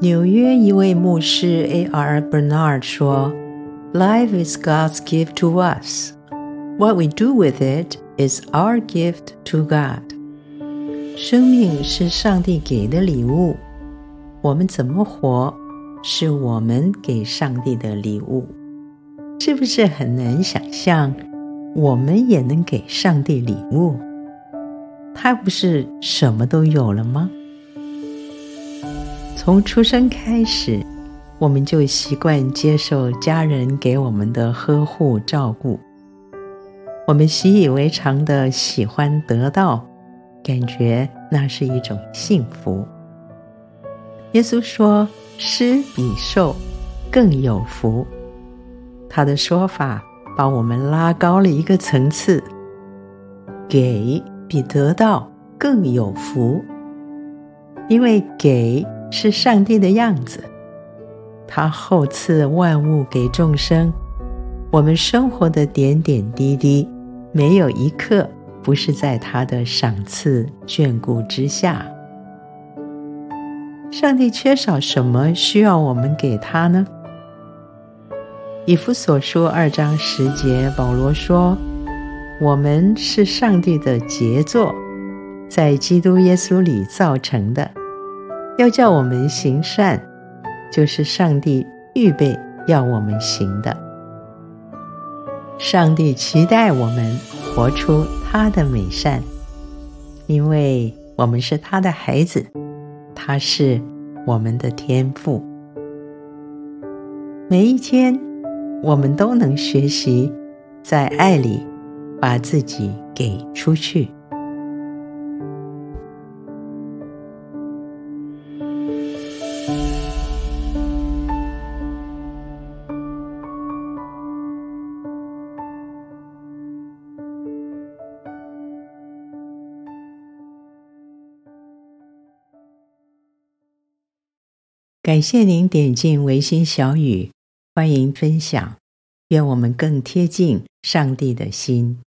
紐約一位牧師 A. R. Bernard 說：“Life is God's gift to us. What we do with it is our gift to God.” 生命是上帝給的禮物，我們怎麼活，是我們給上帝的禮物。是不是很難想象，我們也能給上帝禮物？他不是什麼都有了嗎？從出生開始，我們就習慣接受家人給我們的呵護照顧，我們習以為常的喜歡得到，感覺那是一種幸福。耶穌說：“施比受更有福。”他的說法把我們拉高了一個層次，給比得到更有福，因為給。是上帝的樣子，他厚賜萬物給眾生。我們生活的點點滴滴，沒有一刻不是在他的賞賜、眷顧之下。上帝缺少什麼，需要我們給他呢？以弗所書二章十節，保羅說：“我們是上帝的傑作，在基督耶穌裡造成的。”要叫我們行善，就是上帝預備要我們行的。上帝期待我們活出他的美善，因為我們是他的孩子，他是我們的天父。每一天，我們都能學習在愛裡把自己給出去。感謝您點進維心小雨，歡迎分享，願我們更貼近上帝的心。